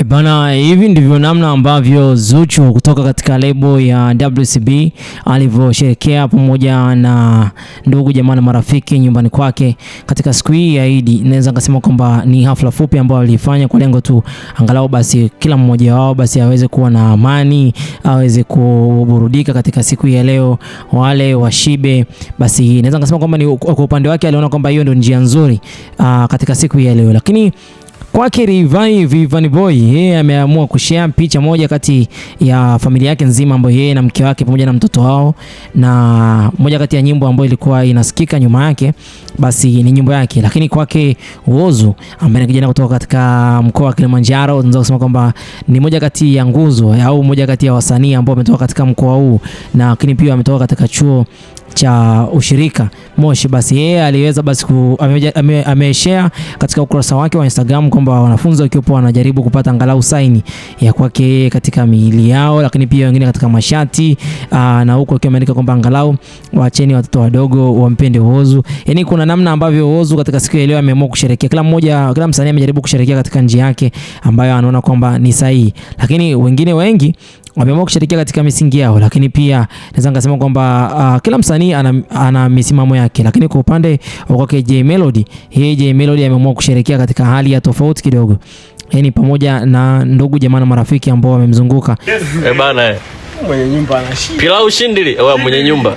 E bana, hivi ndivyo namna ambavyo Zuchu kutoka katika lebo ya WCB alivyosherekea pamoja na ndugu jamaa na marafiki nyumbani kwake katika siku hii ya Idi. Naweza kusema kwamba ni hafla fupi ambayo alifanya kwa lengo tu angalau basi kila mmoja wao basi aweze kuwa na amani, aweze kuburudika katika siku hii ya leo, wale washibe. Basi naweza kusema kwamba ni kwa upande wake aliona kwamba hiyo ndio njia nzuri aa, ah, katika siku ya leo lakini Kwake Rivai Vivani Boy, yeye ameamua kushare picha moja kati ya familia yake nzima ambayo yeye na mke wake pamoja na mtoto wao, na moja kati ya nyimbo ambayo ilikuwa inasikika nyuma yake, basi ni nyimbo yake. Lakini kwake Wozu ambaye ni kijana kutoka katika mkoa wa Kilimanjaro, tunaweza kusema kwamba ni moja kati ya nguzo au moja kati ya wasanii ambao wametoka katika mkoa huu, na lakini pia ametoka katika chuo cha ushirika Moshi, basi yeye aliweza basi ameshare ame katika ukurasa wake wa Instagram kwamba wanafunzi wakiwepo wanajaribu kupata angalau saini ya kwake yeye katika miili yao, lakini pia wengine katika mashati aa, ah, na huko akiwa ameandika kwamba angalau waacheni watoto wadogo wampende Whozu. Yani kuna namna ambavyo Whozu katika siku ya leo ameamua kusherekea, kila mmoja, kila msanii amejaribu kusherekea katika njia yake ambayo anaona kwamba ni sahihi, lakini wengine wengi wameamua kushirikia katika misingi yao, lakini pia naweza nikasema kwamba uh, kila msanii ana, ana misimamo yake, lakini kwa upande wa kwake Jay Melody, yeye J Melody ameamua kusherekea katika hali ya tofauti kidogo, yani pamoja na ndugu jamaa na marafiki ambao wamemzunguka. Eh bana, mwenye nyumba anashinda pilau shindili, wewe mwenye nyumba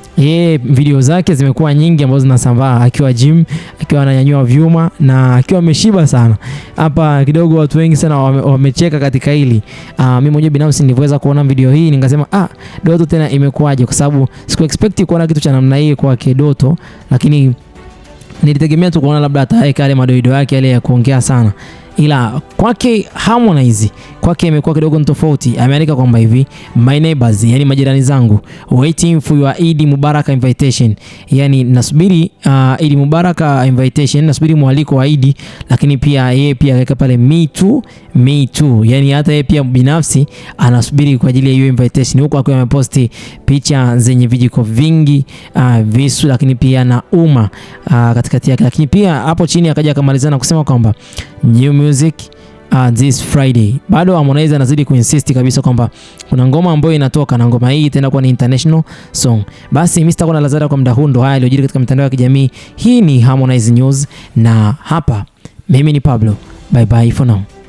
yeye video zake zimekuwa nyingi ambazo zinasambaa akiwa gym, akiwa ananyanyua vyuma na akiwa ameshiba sana. Hapa kidogo watu wengi sana wamecheka wame katika hili. Ah, mimi mwenyewe binafsi nilivyoweza kuona video hii nikasema, ah, Doto tena imekuwaje? Kwa sababu siku expect kuona kitu cha namna hii kwa Doto, lakini nilitegemea tu kuona labda ataweka yale madoido yake yale ya kuongea sana, ila kwake Harmonize kwake imekuwa kidogo ni tofauti. Ameandika kwamba hivi my neighbors, yani majirani zangu, waiting for your Eid Mubarak invitation, yani nasubiri uh, Eid Mubarak uh, invitation, nasubiri mwaliko wa Eid. Lakini pia yeye pia akaweka pale me too, me too, yani hata yeye pia binafsi anasubiri kwa ajili ya hiyo invitation, huko akiwa ameposti picha zenye vijiko vingi uh, visu, lakini pia na uma uh, katikati yake, lakini pia hapo chini akaja akamalizana kusema kwamba Music uh, this Friday. Bado Harmonize anazidi kuinsist kabisa kwamba kuna ngoma ambayo inatoka na ngoma hii itaenda kuwa ni international song. Basi mimi sitakuwa na la kwa muda huu, ndo haya yaliyojiri katika mitandao ya kijamii. Hii ni Harmonize News na hapa mimi ni Pablo. Bye bye for now.